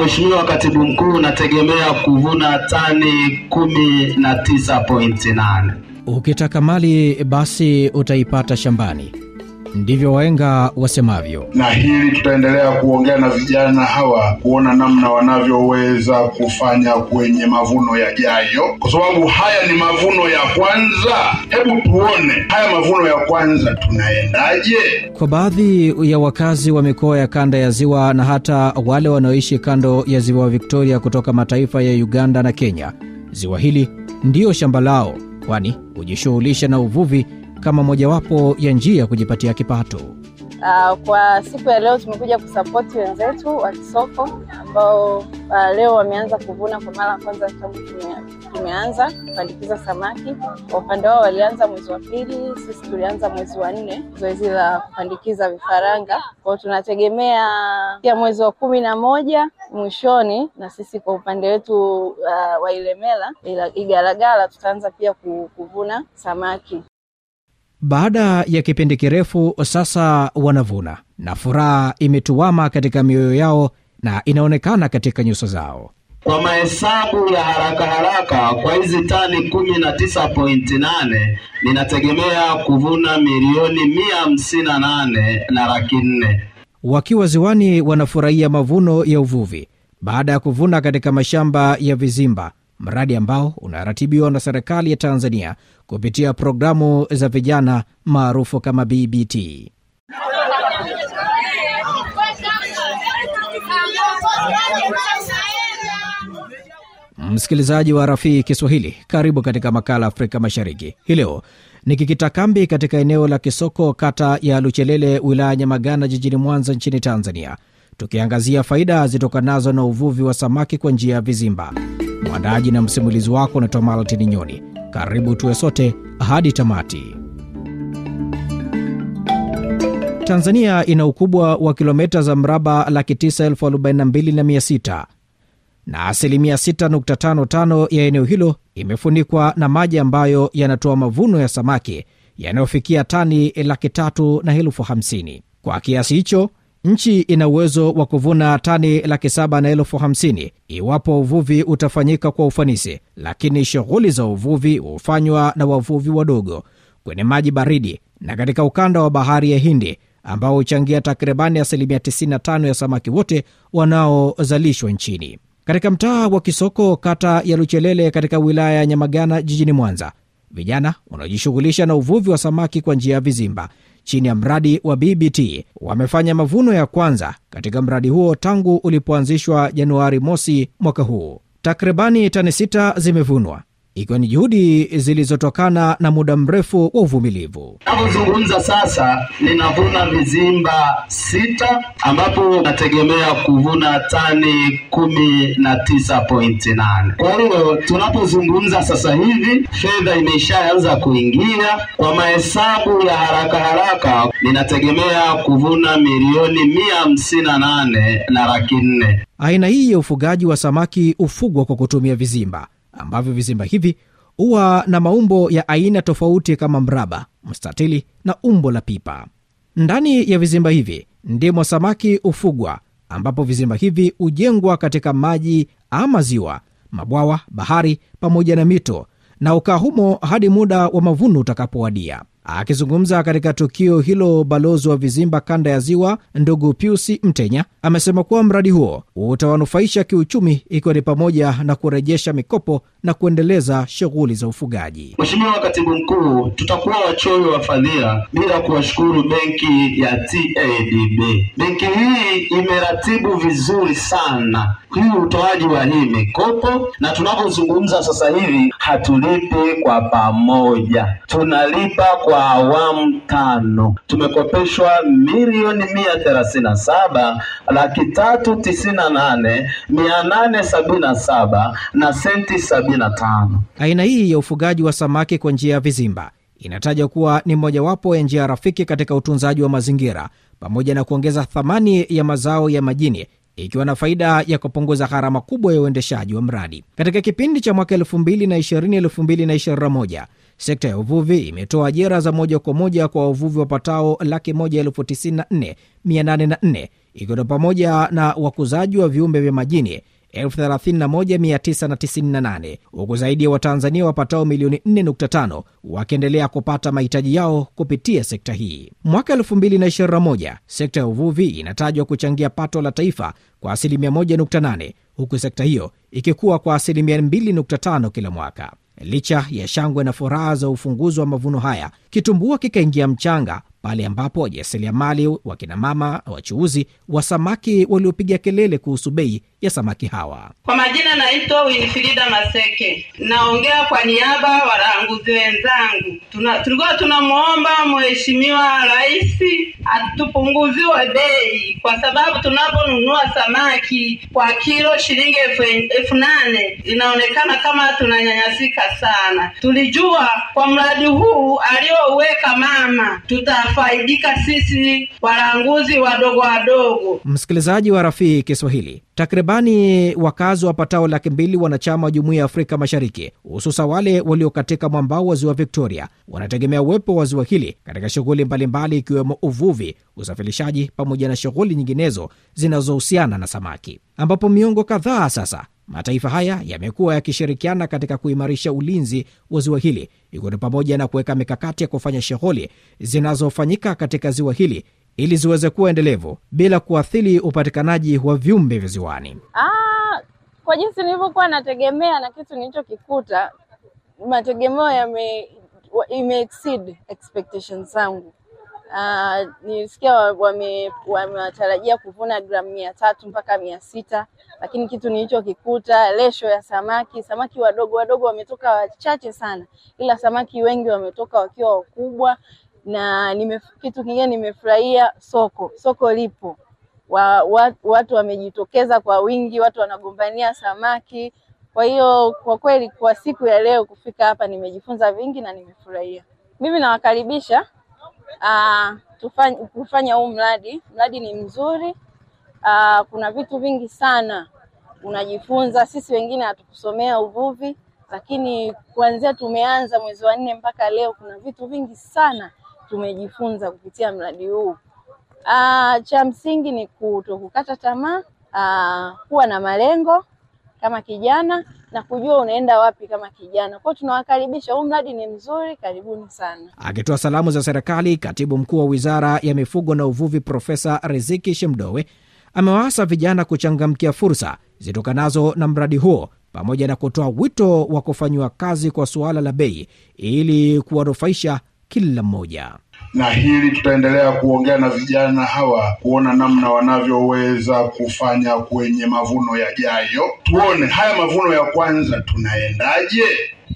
Mheshimiwa Katibu Mkuu, nategemea kuvuna tani 19.8. Ukitaka mali basi utaipata shambani. Ndivyo waenga wasemavyo, na hili tutaendelea kuongea na vijana hawa kuona namna wanavyoweza kufanya kwenye mavuno yajayo, kwa sababu haya ni mavuno ya kwanza. Hebu tuone haya mavuno ya kwanza tunaendaje. Kwa baadhi ya wakazi wa mikoa ya kanda ya ziwa na hata wale wanaoishi kando ya ziwa Victoria kutoka mataifa ya Uganda na Kenya, ziwa hili ndiyo shamba lao, kwani hujishughulisha na uvuvi kama mojawapo ya njia ya kujipatia kipato. Uh, kwa siku ya leo tumekuja kusapoti wenzetu wa Kisoko ambao uh, leo wameanza kuvuna kwa mara ya kwanza tangu tumeanza kupandikiza samaki. Kwa upande wao walianza mwezi wa pili, sisi tulianza mwezi wa nne zoezi la kupandikiza vifaranga kwao. Tunategemea pia mwezi wa kumi na moja mwishoni, na sisi kwa upande wetu uh, wa Ilemela igaragala tutaanza pia kuvuna samaki. Baada ya kipindi kirefu sasa wanavuna, na furaha imetuwama katika mioyo yao na inaonekana katika nyuso zao. Kwa mahesabu ya haraka haraka, kwa hizi tani 19.8 ninategemea kuvuna milioni 158 na laki nne. Wakiwa ziwani, wanafurahia mavuno ya uvuvi baada ya kuvuna katika mashamba ya vizimba mradi ambao unaratibiwa na serikali ya Tanzania kupitia programu za vijana maarufu kama BBT. Msikilizaji wa Rafii Kiswahili, karibu katika makala Afrika Mashariki hii leo. Nikikita kambi katika eneo la Kisoko, kata ya Luchelele, wilaya Nyamagana, jijini Mwanza, nchini Tanzania, tukiangazia faida zitokanazo na uvuvi wa samaki kwa njia ya vizimba. Mwandaji na msimulizi wako unaitwa Malatini Nyoni. Karibu tuwe sote hadi tamati. Tanzania ina ukubwa wa kilomita za mraba laki 9426 na asilimia 6.55 ya eneo hilo imefunikwa na maji ambayo yanatoa mavuno ya samaki yanayofikia tani laki 3 na elfu 50 Kwa kiasi hicho nchi ina uwezo wa kuvuna tani laki saba na elfu hamsini iwapo uvuvi utafanyika kwa ufanisi, lakini shughuli za uvuvi hufanywa na wavuvi wadogo kwenye maji baridi na katika ukanda wa bahari ya Hindi ambao huchangia takribani asilimia 95 ya samaki wote wanaozalishwa nchini. Katika mtaa wa Kisoko, kata ya Luchelele, katika wilaya ya Nyamagana jijini Mwanza, vijana wanaojishughulisha na uvuvi wa samaki kwa njia ya vizimba chini ya mradi wa BBT wamefanya mavuno ya kwanza katika mradi huo tangu ulipoanzishwa Januari mosi mwaka huu. Takribani tani sita zimevunwa ikiwa ni juhudi zilizotokana na muda mrefu wa uvumilivu. Navyozungumza sasa, ninavuna vizimba sita ambapo nategemea kuvuna tani kumi na tisa pointi nane. Kwa hiyo tunapozungumza sasa hivi fedha imeshaanza kuingia. Kwa mahesabu ya haraka haraka, ninategemea kuvuna milioni mia hamsini na nane na laki nne. Aina hii ya ufugaji wa samaki hufugwa kwa kutumia vizimba ambavyo vizimba hivi huwa na maumbo ya aina tofauti kama mraba, mstatili na umbo la pipa. Ndani ya vizimba hivi ndimo samaki hufugwa, ambapo vizimba hivi hujengwa katika maji ama ziwa, mabwawa, bahari pamoja na mito, na ukaa humo hadi muda wa mavuno utakapowadia. Akizungumza katika tukio hilo, balozi wa vizimba kanda ya ziwa ndugu Piusi Mtenya amesema kuwa mradi huo utawanufaisha kiuchumi, ikiwa ni pamoja na kurejesha mikopo na kuendeleza shughuli za ufugaji. Mheshimiwa Katibu Mkuu, tutakuwa wachoyo wa fadhila bila kuwashukuru benki ya TADB. Benki hii imeratibu vizuri sana hii utoaji wa hii mikopo, na tunapozungumza sasa hivi hatulipi kwa pamoja, tunalipa kwa kwa awamu tano tumekopeshwa milioni mia thelathini na saba laki tatu tisini na nane mia nane sabini na saba na senti sabini na tano. Aina hii ya ufugaji wa samaki kwa njia ya vizimba inataja kuwa ni mojawapo ya njia rafiki katika utunzaji wa mazingira pamoja na kuongeza thamani ya mazao ya majini ikiwa na faida ya kupunguza gharama kubwa ya uendeshaji wa mradi. Katika kipindi cha mwaka 2020-2021 Sekta ya uvuvi imetoa ajira za moja kwa moja kwa wavuvi wapatao laki moja elfu tisini na nne mia nane na nne ikiwa pamoja na wakuzaji wa viumbe vya majini nane huku zaidi ya Watanzania wapatao milioni 4.5 wakiendelea kupata mahitaji yao kupitia sekta hii. Mwaka 2021 sekta ya uvuvi inatajwa kuchangia pato la taifa kwa asilimia 1.8 huku sekta hiyo ikikuwa kwa asilimia 2.5 kila mwaka. Licha ya shangwe na furaha za ufunguzi wa mavuno haya, Kitumbua kikaingia mchanga pale ambapo wajasiriamali wakinamama wachuuzi wa samaki waliopiga kelele kuhusu bei ya samaki hawa. Kwa majina naitwa Winifrida Maseke, naongea kwa niaba walanguzi wenzangu. Tulikuwa tunamwomba Mheshimiwa rahisi atupunguziwe bei, kwa sababu tunaponunua samaki kwa kilo shilingi elfu nane inaonekana kama tunanyanyasika sana. Tulijua kwa mradi huu alio aliouweka mama, tutafaidika sisi walanguzi wadogo wadogo. Msikilizaji wa Rafii Kiswahili, takribani wakazi wapatao laki mbili wanachama wa Jumuiya ya Afrika Mashariki, hususa wale walio katika mwambao wa ziwa Victoria, wanategemea uwepo wa ziwa hili katika shughuli mbalimbali, ikiwemo uvuvi, usafirishaji pamoja na shughuli nyinginezo zinazohusiana na samaki, ambapo miongo kadhaa sasa Mataifa haya yamekuwa yakishirikiana katika kuimarisha ulinzi wa ziwa hili, ikiwa ni pamoja na kuweka mikakati ya kufanya shughuli zinazofanyika katika ziwa hili ili ziweze kuwa endelevu bila kuathiri upatikanaji wa viumbe vya ziwani. Ah, kwa jinsi nilivyokuwa nategemea na kitu nilichokikuta, mategemeo yame imeexceed expectations zangu. Ah, nilisikia wametarajia wame kuvuna gramu mia tatu mpaka mia sita lakini kitu nilichokikuta lesho ya samaki, samaki wadogo wadogo wametoka wachache sana, ila samaki wengi wametoka wakiwa wakubwa. Na nime, kitu kingine nimefurahia soko, soko lipo wa, wa, watu wamejitokeza kwa wingi, watu wanagombania samaki. Kwa hiyo kwa kweli kwa siku ya leo kufika hapa nimejifunza vingi na nimefurahia. Mimi nawakaribisha ah, kufanya huu mradi. Mradi ni mzuri uh, kuna vitu vingi sana unajifunza. Sisi wengine hatukusomea uvuvi, lakini kuanzia tumeanza mwezi wa nne mpaka leo kuna vitu vingi sana tumejifunza kupitia mradi huu. Uh, cha msingi ni kutokukata tamaa, uh, kuwa na malengo kama kijana na kujua unaenda wapi kama kijana. Kwa hiyo tunawakaribisha, huu mradi ni mzuri, karibuni sana. Akitoa salamu za serikali, katibu mkuu wa Wizara ya Mifugo na Uvuvi Profesa Riziki Shemdoe amewaasa vijana kuchangamkia fursa zitokanazo na mradi huo pamoja na kutoa wito wa kufanyiwa kazi kwa suala la bei ili kuwanufaisha kila mmoja na hili tutaendelea kuongea na vijana hawa kuona namna wanavyoweza kufanya kwenye mavuno yajayo. Tuone haya mavuno ya kwanza tunaendaje?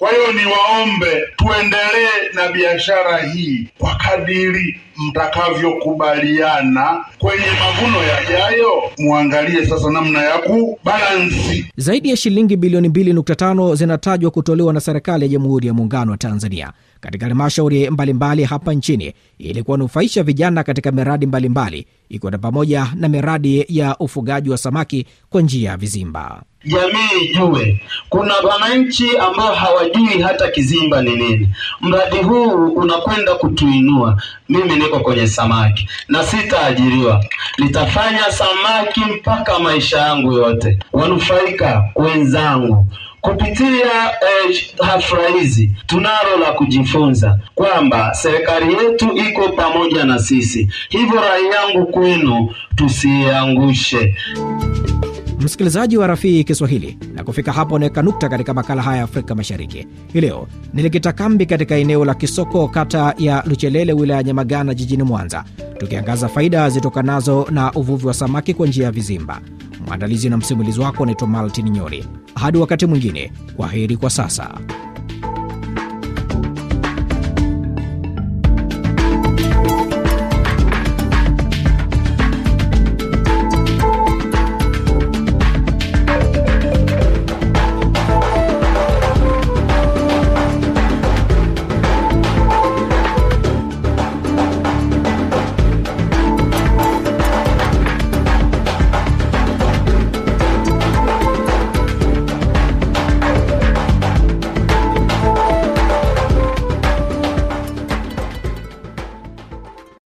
Kwa hiyo niwaombe tuendelee na biashara hii kwa kadiri mtakavyokubaliana kwenye mavuno yajayo, muangalie sasa namna ya kubalansi. Zaidi ya shilingi bilioni 2.5 zinatajwa kutolewa na serikali ya Jamhuri ya Muungano wa Tanzania katika halmashauri mbalimbali hapa nchini ili kuwanufaisha vijana katika miradi mbalimbali ikiwa na pamoja na miradi ya ufugaji wa samaki kwa njia ya vizimba. Jamii ijue kuna wananchi ambao hawajui hata kizimba ni nini. Mradi huu unakwenda kutuinua. Mimi niko kwenye samaki na sitaajiriwa, nitafanya samaki mpaka maisha yangu yote, wanufaika wenzangu Kupitia eh, hafla hizi tunalo la kujifunza kwamba serikali yetu iko pamoja na sisi. Hivyo rai yangu kwenu, tusiangushe. Msikilizaji wa Rafii Kiswahili, na kufika hapo naweka nukta katika makala haya ya Afrika Mashariki hii leo. Nilikita kambi katika eneo la Kisoko, kata ya Luchelele, wilaya Nyamagana, jijini Mwanza, tukiangaza faida zitokanazo na uvuvi wa samaki kwa njia ya vizimba. Maandalizi na msimulizi wako anaitwa Maltin Nyoni. Hadi wakati mwingine, kwa heri kwa sasa.